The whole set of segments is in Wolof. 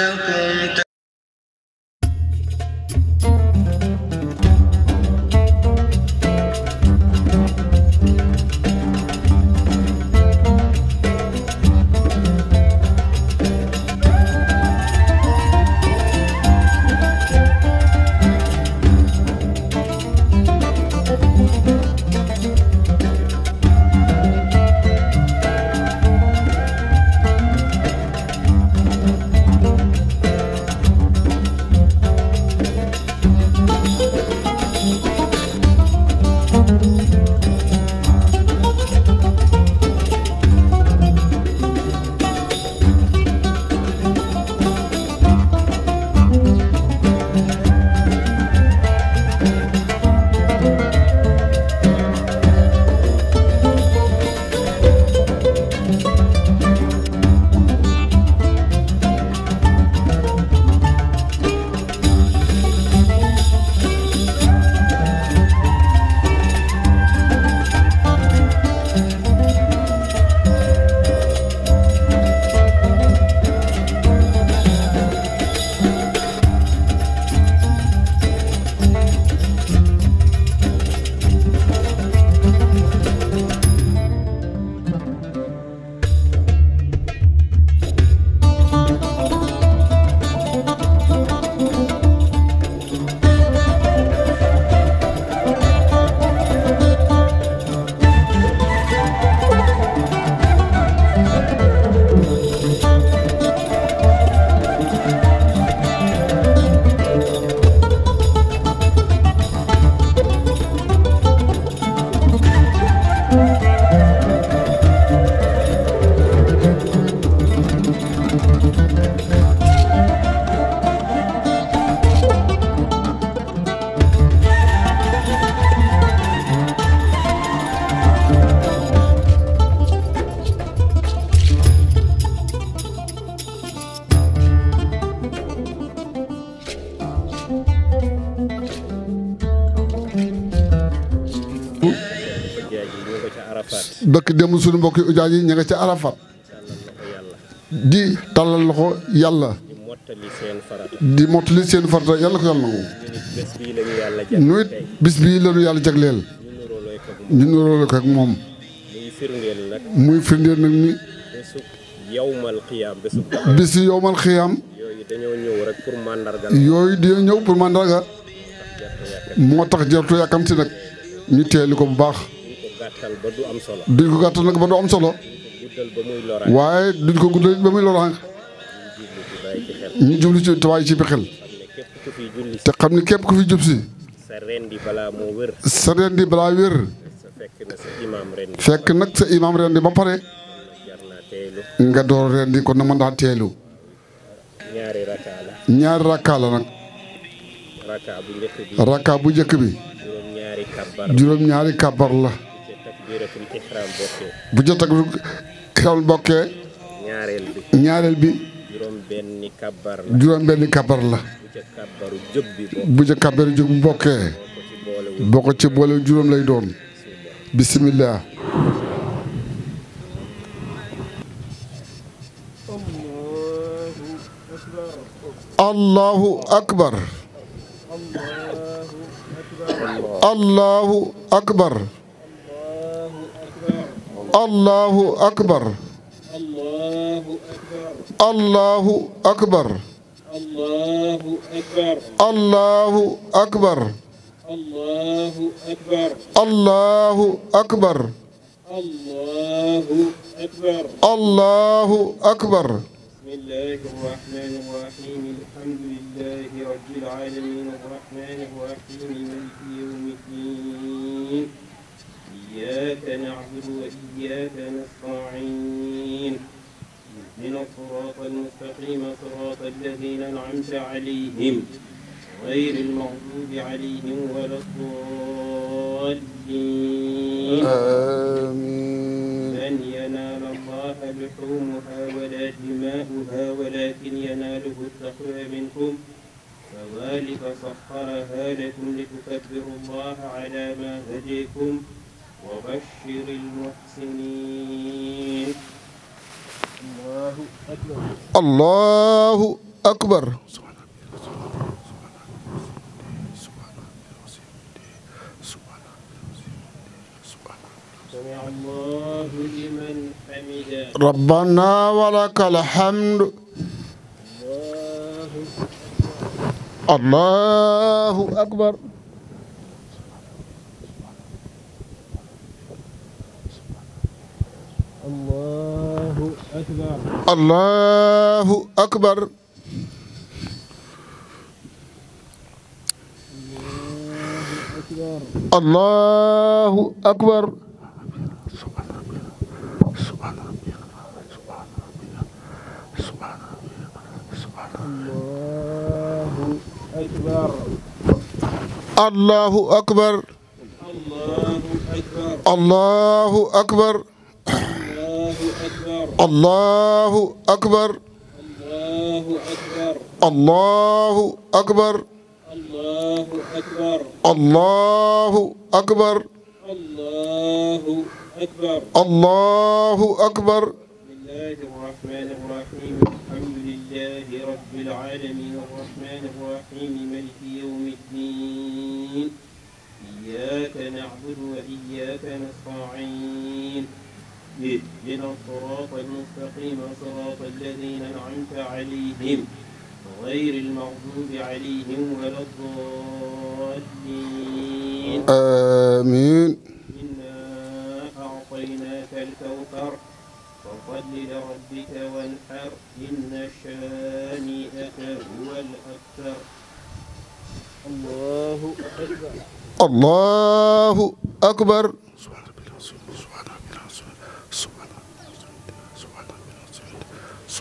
لكم dëkk dem suñu mbokki ujaaj yi ña nga ca Arafat di tàllal loxo yàlla di mottali seen farata yàlla ko yàlla nangu nu it bis bii la ñu yàlla jagleel ñu nuróole ko ak moom muy firndeel nag ni bis yi yowmal xiyaam yooyu dañoo ñëw pour mandarga moo tax jartu yàkkamti nag ñu teeli ko bu baax gàttal ba waaye duñ ko guddal ba muy loraange. ñu jublu ci tubaay ci bi xel. te xam ne képp ku fi jub si. sa reen di balaa moo wér. sa fekk nag sa imaam reen di ba pare. nga door reen di kon na mën daa teelu. ñaari rakka la. ñaari rakka bu njëkk bi. juróom-ñaari kàbbar la. bu jot ak xewal juróom benni kabar la bu ca bokkee. boo ko ci boole juróom lay doon. bisimilah. allahu akbar. الله أكبر الله أكبر الله أكبر الله أكبر الله أكبر الله أكبر الله أكبر الله أكبر بسم الله الرحمن الرحيم الحمد لله رب العالمين الرحمن الرحيم مالك يوم الدين نعبد وإياك نستعين اهدنا الصراط المستقيم صراط الذين أنعمت عليهم غير المغضوب عليهم ولا الضالين آمين لن ينال الله لحومها ولا دماؤها ولكن يناله التقوى منكم فذلك سخرها لكم لتكبروا الله على ما هديكم وبشر المحسنين الله أكبر الله أكبر الله لمن ربنا ولك الحمد الله أكبر الله أكبر الله أكبر الله أكبر الله أكبر سبحان ربي سبحان ربي سبحان ربي سبحان ربي سبحان الله أكبر الله أكبر الله أكبر الله أكبر انہ اکبر انہ اکبر امنا اکبر ام اکبر اهدنا الصراط المستقيم صراط الذين أنعمت عليهم غير المغضوب عليهم ولا الضالين آمين إنا أعطيناك الكوثر فصل لربك وانحر إن شانئك هو الأكثر الله أكبر الله أكبر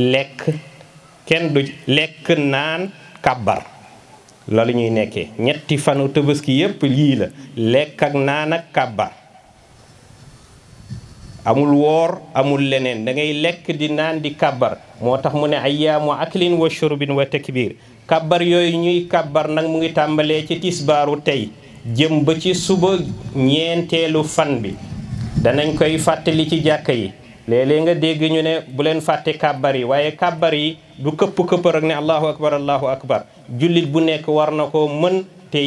lek ken du lekk naan kàbbar loolu ñuy nekkee ñetti fanu tëbaski yépp lii la lekk ak ak amul war amul lenen da ngay di naan di kàbbar moo tax mu ne ayyaamu aklin wa shurbin wa takbir kàbbar yooyu ñuy kàbbar nag mu ngi tàmbalee ci tisbaaru tey jëm ba ci suba ñeenteelu fan bi danañ koy ci yi léeg nga dégg ñu ne bu leen fàtte kàbbar yi waaye kàbbar yi du këpp këpp ak ne allahu akbar allahu akbar jullit bu nekk war na ko mën te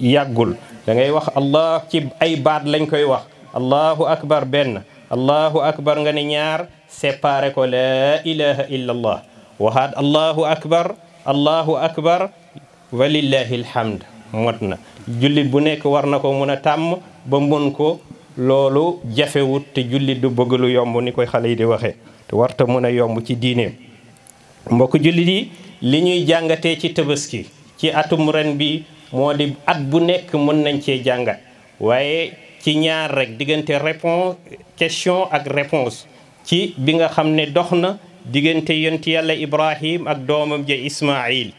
yàggul dangay wax allah ci ay baat lañ koy wax allahu akbar benn allahu akbar nga ne ñaar séparé ko laa ilaha illa allah waxaat allahu akbar allahu akbar walillahi alhamd mot na jullit bu nekk war na ko mën a tàmm ba mën ko loolu jafewut te jullit du bëgg yomb ni koy xale yi di waxee te warta mën a yomb ci diineem mbokk jullit yi li ñuy jàngate ci tabaski ci atum ren bi moo di at bu nekk mën nañ cee jàngat waaye ci ñaar rek diggante réponse question ak réponse ci bi nga xam ne dox na diggante yonti yàlla Ibrahim ak doomam ja Ismaayil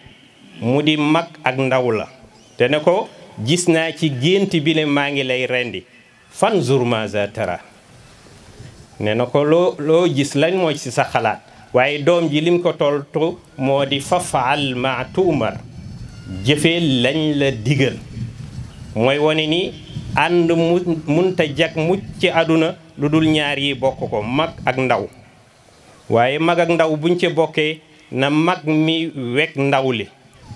mu di mag ak ndaw la te ne ko gis naa ci gént bi ne maa ngi lay rendi fanzur maza tara ne na ko loo gis lañ mooy ci sa xalaat waaye doom ji lim ko toltu moo di fafaal ma tuumar jëfee lañ la digal mooy wane ni ànd mu munta jag mucc ci àdduna lu dul ñaar yi bokk ko mag ak ndaw waaye mag ak ndaw buñ ci bokkee na mag mi wekk ndaw li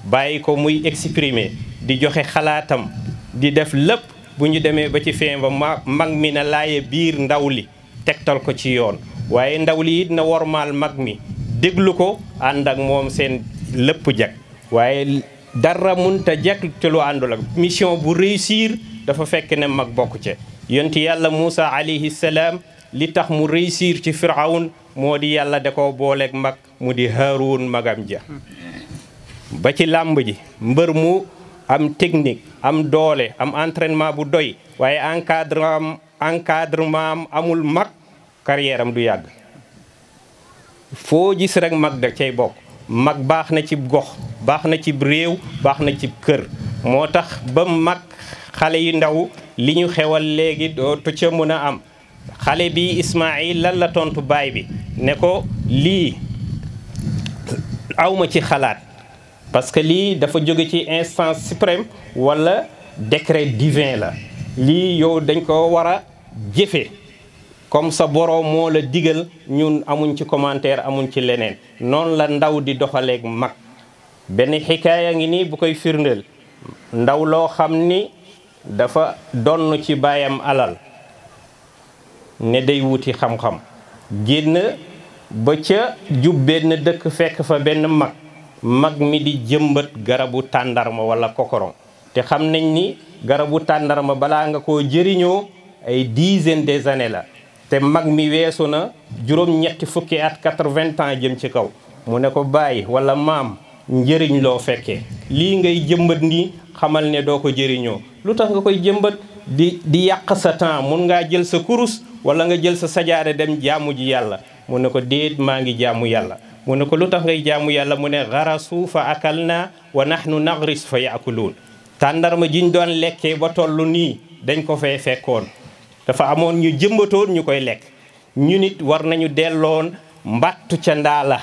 bàyyi ko muy exprimer di joxe xalaatam di def lépp bu ñu demee ba ci fin ba ma mag mi na laaye biir ndaw li tegtal ko ci yoon waaye ndaw li it na wormaal mag mi déglu ko ànd ak moom seen lépp jag waaye dara munta jag te lu àndul ak mission bu réussir dafa fekk ne mag bokk ca yonti yàlla Moussa alayhi salaam li tax mu réussir ci Firawun moo di yàlla de ko booleeg mag mu di Haaruun magam ja ba ci làmb ji mbër mu am technique am doole am entraînement bu doy waaye encadrement encadrement am amul mag carrière du yàgg foo gis rek mag da cay bokk mag baax na cib gox baax na ci réew baax na cib kër moo tax ba mag xale yu ndaw li ñu xewal léegi dootu mën a am xale bi Ismaïl lan la tontu baay bi ne ko lii awma ci xalaat parce que lii dafa jóge ci instance suprême wala décret divin la lii yow dañ koo war a jëfe comme sa boroom moo la digal ñun amuñ ci commentaire amuñ ci leneen noonu la ndaw di doxaleeg mag benn xikaaya ngi nii bu koy firndeel ndaw loo xam ni dafa donn ci baayam alal ne day wuti xam-xam génn ba ca jub benn dëkk fekk fa benn mag mag mi di jëmbat garabu tàndarma wala kokorom te xam nañ ni garabu tàndarma balaa nga ko jëriñoo ay dizaine des années la te mag mi weesu na juróom-ñetti fukki at quatre ans jëm ci kaw mu ne ko bàyyi wala maam njëriñ loo fekkee lii ngay jëmbat nii xamal ne doo ko jëriñoo lu tax nga koy jëmbat di di yàq sa temps mun ngaa jël sa kurus wala nga jël sa sajaare dem jaamu ji yàlla mu ne ko déet maa ngi jaamu yàlla mu ne ko lu ngay jaamu yàlla mu ne xarasu fa akalna wa nahnu naxris fa yaakulun tàndarma jiñ doon lekke ba tollu ni dañ ko fe fekkon dafa amoon ñu jëmbatoon ñu koy lekk ñu nit war nañu delloon mbattu ca ndala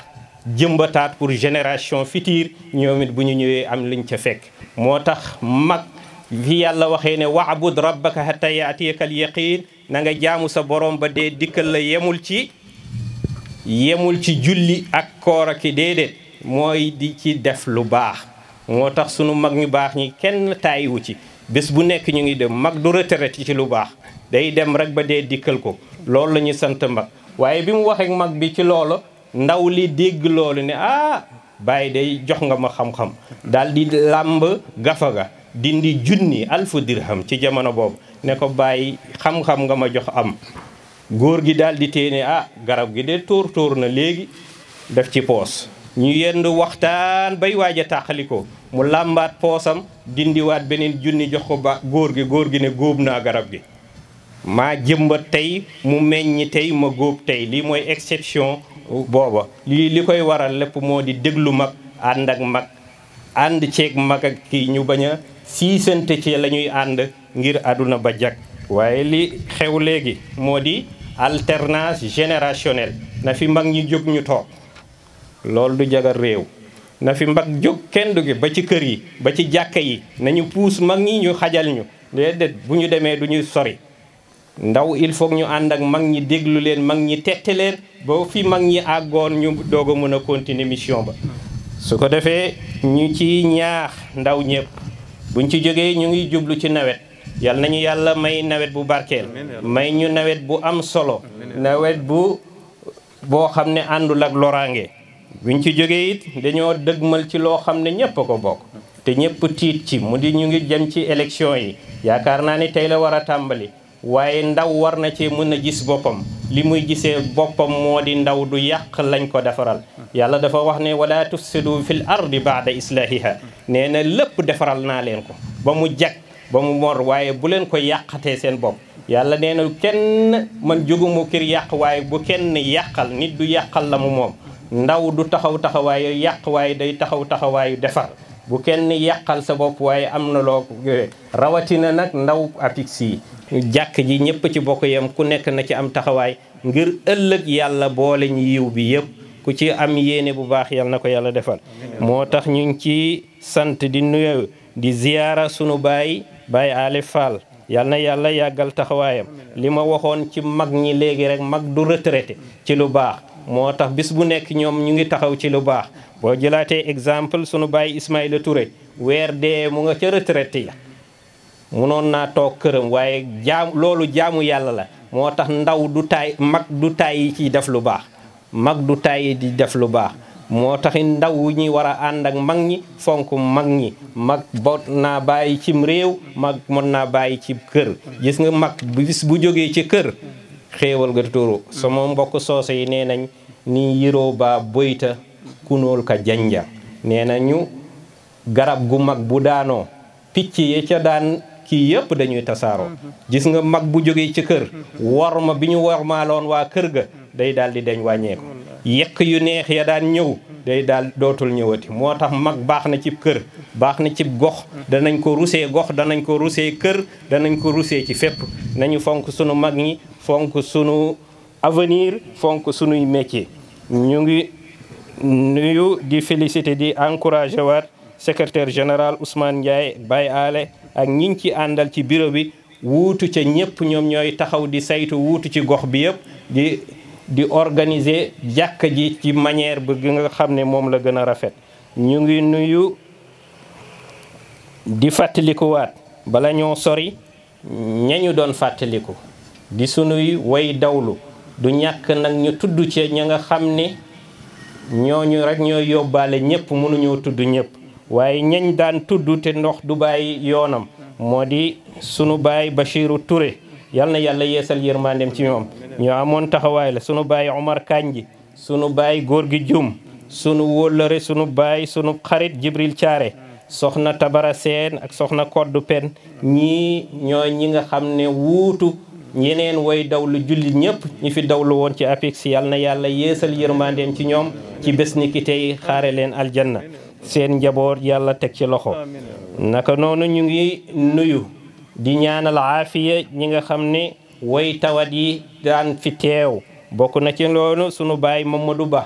jëmbataat pour génération future ñoomit it bu ñu ñëwee am liñ ca fekk motax mak fi yàlla waxé ne wa'bud rabbaka hatta ya'tiyakal yaqin na nga jaamu sa borom ba de dikkel la yemul ci yemul ci julli ak kooraki ak déedéet mooy di ci def lu baax moo tax sunu mag ñu baax ñi kenn taayiwu ci bés bu nekk ñu ngi dem mag du retraite ci lu baax day dem rek ba dee dikkal ko loolu la ñu sant mag waaye bi mu waxee mag bi ci loolo ndaw li dégg loolu ne ah bàyyi day jox nga ma xam-xam daal di làmb gafa ga dindi junni alfu dirham ci jamono boobu ne ko bàyyi xam-xam nga ma jox am góor gi daal di téene ah garab gi de tóor tóor na léegi def ci poos ñu yend waxtaan bay waaj a tàqali ko mu làmbaat poosam dindiwaat beneen junni jox ko ba góor gi góor gi ne góob naa garab gi maa jëmbat tey mu meññ tey ma góob tey lii mooy exception booba lii li koy waral lépp moo di déglu mag ànd ak mag ànd ceeg mag ak kii ñu bañ a siisante ci lañuy ànd ngir àdduna ba jag waaye li xew léegi moo di alternance générationnelle na fi mag ñi jóg ñu toog loolu du jagal réew na fi mag jóg kenn du gi ba ci kër yi ba ci jàkka yi nañu puus mag ñi ñu xajal ñu déedéet bu ñu demee du ñu sori ndaw il faut ñu ànd ak mag ñi déglu leen mag ñi tette leen boo fi mag ñi àggoon ñu doog a mën a continuer mission ba su ko defee ñu ci ñaax ndaw ñëpp buñ ci jógee ñu ngi jublu ci nawet yal nañu yàlla may nawet bu barkeel may ñu nawet bu am solo nawet bu boo xam ne àndul ak loraange buñ ci jóge it dañoo dëgmal ci loo xam ne ñépp a ko bokk te ñépp tiit ci mu di ñu ngi jëm ci élection yi yaakaar naa ni tey la war a tàmbali waaye ndaw war na cee mën a gis boppam li muy gisee boppam moo di ndaw du yàq lañ ko defaral yàlla dafa wax ne wala tufsidu fil ardi baada islahiha nee na lépp defaral naa leen ko ba mu jag ba mu mor waaye bu leen ko yàqatee seen bopp yàlla nee na kenn man jógumu kir yàq waaye bu kenn yàqal nit du yàqal la mu moom ndaw du taxaw taxawaayu yàq waaye day taxaw taxawaayu defar bu kenn yàqal sa bopp waaye am na loo rawatina nag ndaw apix yi jàkk ji ñëpp ci bokk yam ku nekk na ci am taxawaay ngir ëllëg yàlla boole ñu yiw bi yëpp ku ci am yéene bu baax yal na ko yàlla defal moo tax ñu ci sant di nuyu di ziyaara sunu baay bàyyi Ali Fall yal na yàlla yàggal taxawaayam li ma waxoon ci mag ñi léegi rek mag du retraité ci lu baax moo tax bis bu nekk ñoom ñu ngi taxaw ci lu baax boo jëlaatee exemple sunu Baye Ismaïla Touré weer dee mu nga ca retraité ya munoon naa toog këram waaye jaam loolu jaamu yàlla la moo tax ndaw du taay mag du taay yi def lu baax mag du taay di def lu baax moo taxi ndaw ñi war a ànd ak mag ñi fonk mag ñi mag bot naa bàyyi cim réew mag mën naa bàyyi ci kër gis nga mag bis bu jógee ci kër xéewal ga tóoro sama mbokk soose yi nee nañ ni yiroo ba boyta kunool ka janja nee nañu garab gu mag bu daanoo picc yi ca daan kii yëpp dañuy tasaaroo gis nga mag bu jógee ca kër worma bi ñu wormaaloon waa kër ga day daal di dañ wàññeeku yekk yu neex ya daan ñëw day daal dootul ñëwati moo tax mag baax na cib kër baax na cib gox danañ ko rusee gox danañ ko rusee kër danañ ko rusee ci fépp nañu fonk sunu mag ñi fonk sunu avenir fonk sunuy métier ñu ngi nuyu di félicité di encouragé waat secrétaire général Ousmane Ndiaye Baye Ale ak ñiñ ci àndal ci bureau bi wuutu ca ñëpp ñoom ñooy taxaw di saytu wuutu ci gox bi yëpp di organise jàkka ji ci manière bi nga xam ne moom la gën a rafet ñu ngi nuyu di fàttalikuwaat bala ñoo sori ñañu doon fàttaliku di sunuy way dawlu du ñàkk nag ñu tudd ci ña nga xam ne ñooñu rek ñoo yóbbaale ñëpp mënuñoo tudd ñëpp waaye ñañ daan tudd te ndox du bàyyi yoonam moo di sunu baay Bachiru Touré yal na yàlla yeesal yërmandeem ci ñoom ñoo amoon taxawaay la sunu baay Omar Kanji sunu baay góor gi Jum sunu wóllëre sunu baay sunu xarit Jibril caare soxna Tabara Seen ak soxna Koddu Pen ñii ñoo ñi nga xam ne wuutu yeneen woy dawlu julli ñëpp ñi fi dawlu woon ci APEX yal na yàlla yeesal yërmandeem ci ñoom ci bés ni tey xaare leen aljanna seen njaboot yàlla teg ci loxo naka noonu ñu ngi nuyu di ñaanal aafiya ñi nga xam ne way tawat yi daan fi teew bokk na ci loolu sunu baay ma Mamadou Ba